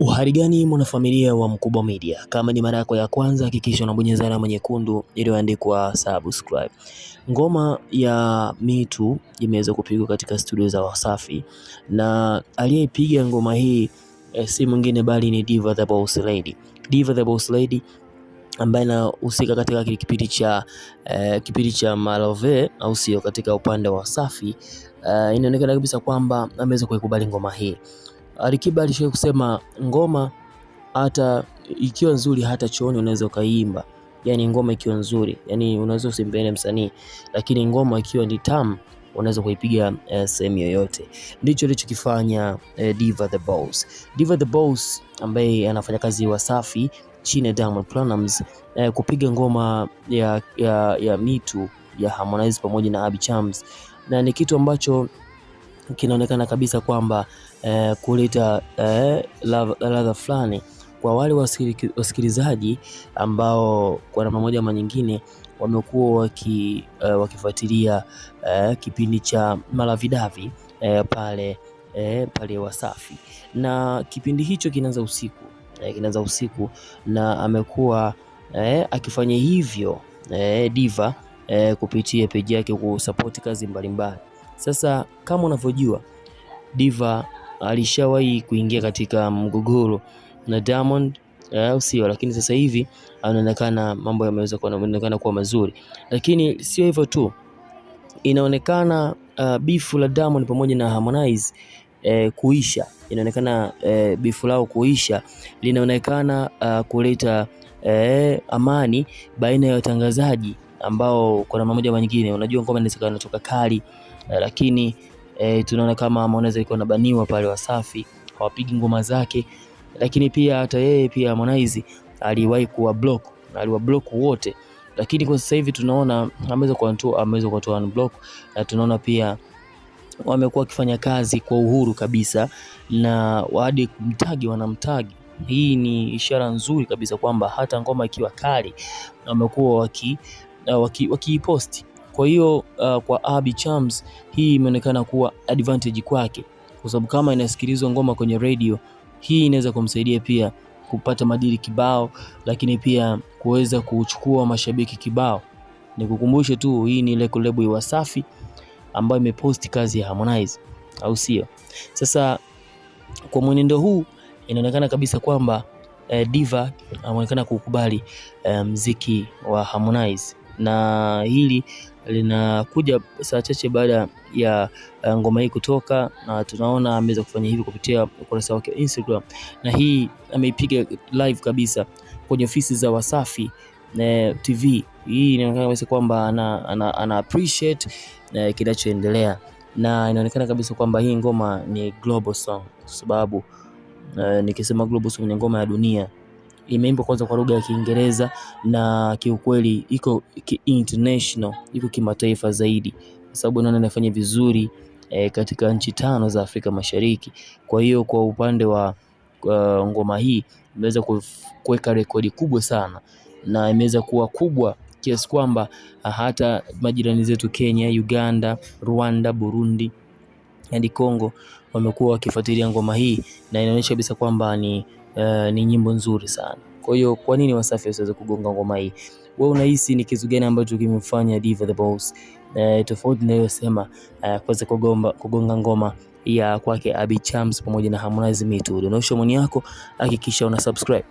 Uhari gani mwanafamilia wa Mkubwa Media? Kama ni mara yako ya kwanza, hakikisha unabonyeza alama nyekundu iliyoandikwa subscribe. Ngoma ya Mitu imeweza kupigwa katika studio za Wasafi na aliyepiga ngoma hii e, si mwingine bali ni Diva the Boss Lady. Diva the Boss Lady ambaye anahusika katika kipindi cha e, kipindi cha Malove au sio, katika upande wa Wasafi e, inaonekana kabisa kwamba ameweza kuikubali ngoma hii. Alikiba alishawahi kusema ngoma hata ikiwa nzuri hata chooni unaweza ukaiimba, yani ngoma ikiwa nzuri, yani unaweza usimpende msanii, lakini ngoma ikiwa ni tamu unaweza kuipiga eh, sehemu yoyote. Ndicho alichokifanya eh, Diva the Boss. Diva the Boss ambaye anafanya kazi Wasafi chini ya Diamond Platnumz eh, kupiga ngoma ya, ya, ya mitu ya Harmonize pamoja na Abby Chams na ni kitu ambacho kinaonekana kabisa kwamba eh, kuleta eh, ladha eh, fulani kwa wale wasikilizaji ambao kwa namna moja ama nyingine wamekuwa waki, eh, wakifuatilia eh, kipindi cha Malavidavi eh, pale eh, pale Wasafi, na kipindi hicho kinaanza usiku eh, kinaanza usiku na amekuwa eh, akifanya hivyo eh, Diva eh, kupitia peji yake kusapoti kazi mbalimbali mbali. Sasa kama unavyojua Diva alishawahi kuingia katika mgogoro na Diamond eh, au sio? Lakini sasa hivi anaonekana mambo yameweza kuonekana kuwa mazuri, lakini sio hivyo tu, inaonekana uh, bifu la Diamond pamoja na Harmonize eh, kuisha inaonekana eh, bifu lao kuisha linaonekana uh, kuleta eh, amani baina ya watangazaji ambao kwa namna moja au nyingine, unajua ngoma inaweza inatoka kali, eh, lakini eh, tunaona kama Harmonize alikuwa anabaniwa pale, Wasafi hawapigi ngoma zake, lakini pia hata yeye pia Harmonize aliwahi kuwa block, aliwa block wote, lakini kwa sasa hivi tunaona ameweza kwa mtu ameweza kwa tuan block, na tunaona pia wamekuwa wakifanya kazi kwa uhuru kabisa, na hadi kumtagi wanamtagi. Hii ni ishara nzuri kabisa kwamba hata ngoma ikiwa kali wamekuwa waki uh, wakiiposti waki kwa hiyo uh, kwa Abby Chams hii imeonekana kuwa advantage kwake, kwa sababu kama inasikilizwa ngoma kwenye radio, hii inaweza kumsaidia pia kupata madili kibao, lakini pia kuweza kuchukua mashabiki kibao. Nikukumbushe tu hii ni ile collab ya Wasafi ambayo imeposti kazi ya Harmonize, au sio? Sasa kwa mwenendo huu inaonekana kabisa kwamba eh, Diva ameonekana kukubali eh, mziki wa Harmonize na hili linakuja saa chache baada ya eh, ngoma hii kutoka, na tunaona ameweza kufanya hivi kupitia ukurasa wake wa Instagram, na hii ameipiga live kabisa kwenye ofisi za Wasafi eh, TV. Hii inaonekana kabisa kwamba ana, ana, ana appreciate eh, kinachoendelea, na inaonekana kabisa kwamba hii ngoma ni global song, kwa sababu nikisema global song ni ngoma ya dunia imeimbwa kwanza kwa lugha ya Kiingereza na kiukweli iko ki international, iko kimataifa zaidi, kwa sababu naona inafanya vizuri e, katika nchi tano za Afrika Mashariki. Kwa hiyo kwa upande wa kwa ngoma hii imeweza kuweka rekodi kubwa sana na imeweza kuwa kubwa kiasi kwamba ah, hata majirani zetu Kenya, Uganda, Rwanda, Burundi hadi Kongo wamekuwa wakifuatilia ngoma hii na inaonyesha kabisa kwamba ni uh, ni nyimbo nzuri sana. Kwa hiyo kwa nini Wasafi wasiweze kugonga ngoma hii? Wewe unahisi ni kitu gani ambacho kimemfanya Diva the Boss uh, tofauti nayosema uh, eh, kuweza kugonga ngoma ya kwake Abby Chams pamoja na Harmonize Mituli? Unaosha maoni yako, hakikisha una subscribe.